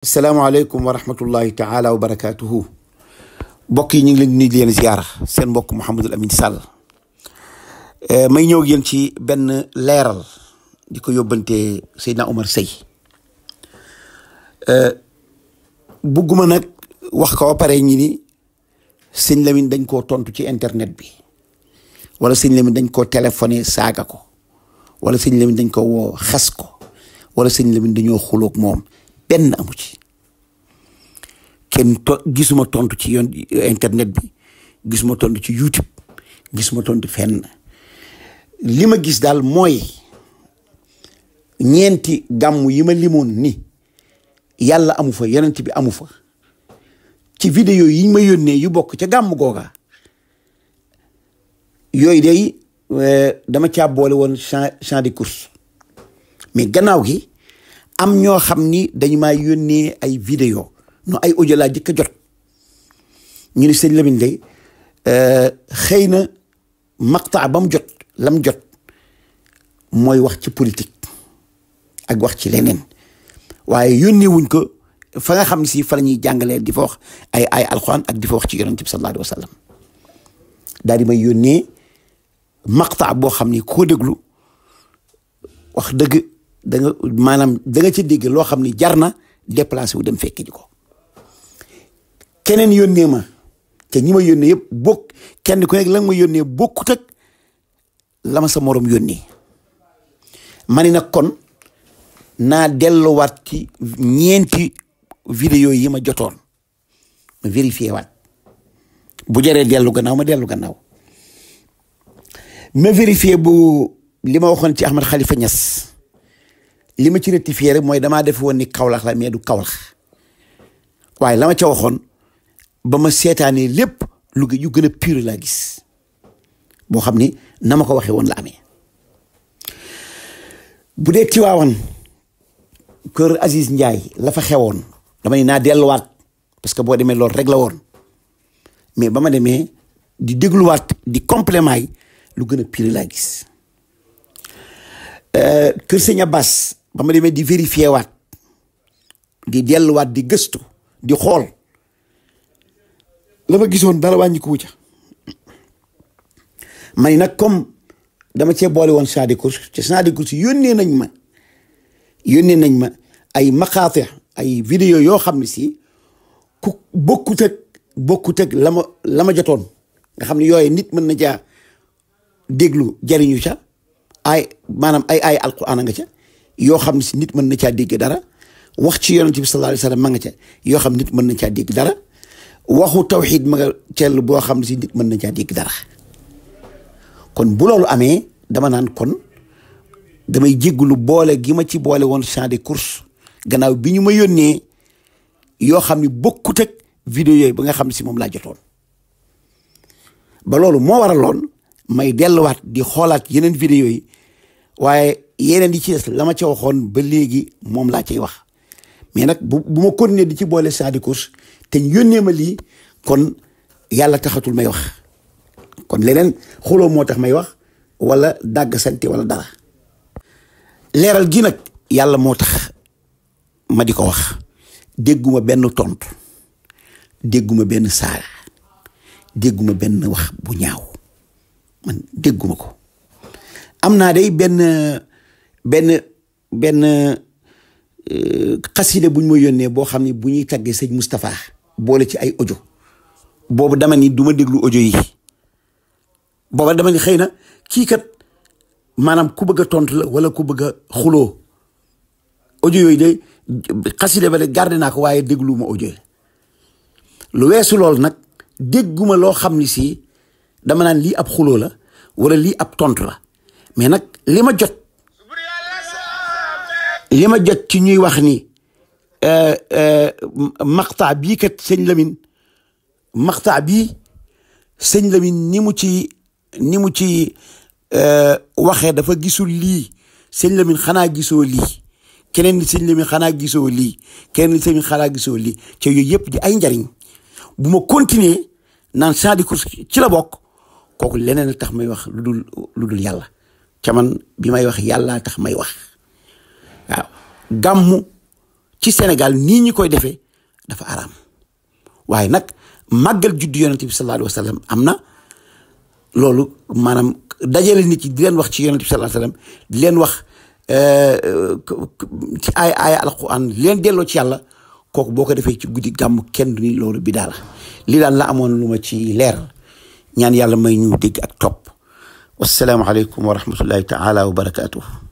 السلام عليكم ورحمة الله تعالى وبركاته بكي نيغ لي نيت لين زيارة سين بوك محمد الأمين سال آه، ما نيوغ يين سي بن ليرال ديكو يوبنتي سيدنا عمر سي ا آه، بوغوما نك واخكا با باري ني سين لامين دنج كو تونتو سي انترنت بي ولا سين لامين دنج كو تليفوني ساغاكو ولا سين لامين دنج كو خاسكو ولا سين لامين دنيو خلوك موم benn amu ci kenn to gisuma tontu ci yoon internet bi gisuma tontu ci YouTube gisuma tontu fenn li ma gis daal mooy ñeenti gàmm yi ma limoon ni yàlla amu fa yonent bi amu fa ci vidéo yi ma yónnee yu bokk ca gàmm googa yooyu day euh, dama caa boole woon champ champ de course mais gannaaw gi am ñoo xamni dañ ma maa ay vidéo no ay audio la jikko jot ñu ni sëñ Lamine day euh xeyna maqta bam jot lam jot moy wax ci politique ak wax ci lenen waye yónnee wuñ ko fa nga xam si fa lañuy ñuy jàngalee di fa wax ay ay alxuraan ak di fa wax ci yonent bi sallallahu alayhi wasallam sallam di may yónnee maqta boo xam ni koo déglu wax dëgg da maanaam da nga ci dégg loo xam ni jar na déplacé wu dem fekki ji ko keneen yónnee ma te ñi ma yónnee yëpp bokk kenn ku nekk la nga ma yónnee bokkut ak la ma sa morom yónnee ma ni nag kon naa delluwaat ci ñeenti vidéo yi ma jotoon ma vérifié waat bu jëree dellu gannaaw ma dellu gannaaw ma vérifié bu li ma waxoon ci Ahmed Khalifa Niass li ma ci rectifier rek mooy damaa def woon ni kawlax la mais du kawlax waaye la ma ca waxoon ba ma seetaanee lépp lu yu gën a pur laa gis boo xam ni na ma ko waxee woon la amee bu dee Tiwaawan kër Aziz Ndiaye lafa xewoon dama ne naa delluwaat parce que boo demee loolu rek la woon mais ba ma demee di dégluwaat di complément yi lu gën a pire laa gis euh, kër sëñ Abbas ba ma demee di vérifier waat di delluwaat di gëstu di xool la ma gisoon dara wàññi ca may nag comme dama cee boole woon Saadi Course ci Saadi Course yónnee nañ ma yónnee nañ ma ay maqaate ay vidéo yoo xam ne si ku bokkut ak bokkut ak la ma la ma jotoon nga xam ne yooyu nit mën na jaa déglu jariñu ca ay maanaam ay ay alquraan nga ca yoo xam ne si nit mën na caa dégg dara wax ci yonent bi sallallahu alayhi wa ma nga ca yoo xam nit mën na caa dégg dara waxu tawxiid ma nga cell boo xam ne si nit mën na caa dégg dara kon bu loolu amee dama naan kon damay jéggulu boole gi ma ci boole woon champ de course gannaaw bi ñu ma yónnee yoo xam ne bokkut ak vidéo yooyu ba nga xam ne si moom laa jotoon ba loolu moo waraloon may delluwaat di xoolaat yeneen vidéo yi waaye yeneen yi ci des la ma ca waxoon ba léegi moom laa ciy wax mais nag bu bu ma kon continuer di ci boole Sadikos te ñu yónnee ma lii kon yàlla taxatul may wax kon leneen xuloo moo tax may wax wala dàgg sante wala dara leeral gi nag yàlla moo tax ma di ko wax dégguma benn tontu dégguma benn saara dégguma benn wax bu ñaaw man dégguma ko am naa day benn benn benn euh, xasida buñ ma yónnee boo xam ne bu ñuy taggee sëñ Moustapha boole ci ay audio boobu dama ni duma déglu audio yi booba dama ni xëy na kii kat maanaam ku bëgg a tontu la wala ku bëgg xuloo audio yooyu de xasida ba de garde naa ko waaye déglu ma audio yi lu weesu loolu nag dégguma loo xam ni si dama naan lii ab xuloo la wala lii ab tontu la mais nag li ma jot لما جات تيني وخني آه، آه، مقطع بي كت سنلمين مقطع بي سنلمين نيموتي نيموتي آه، وخي دفا جيسو لي سنلمين خنا جيسو لي كنن سنلمين خنا جيسو لي كنن سنلمين خنا جيسو لي تيو يب دي اين جارين بمو كونتيني نان سادي كورس تيلا بوك كوكو لنن تخمي وخ لدول لدول يالا كمان بما يوخ يالا تخمي وخ waaw ci Sénégal nii ñi koy defee dafa araam waaye nag màggal juddu yonent bi sallallahu am na loolu maanaam dajale nit yi di leen wax ci yonent bi sallallahu di leen wax euh, ci ay ay alquran di leen delloo ci yàlla kooku boo ko defee ci guddi gàmm kenn du ni loolu bi daal li daal la amoon lu ma ci leer ñaan yàlla may ñu dégg ak topp wassalaamu aleykum wa rahmatullahi taala wa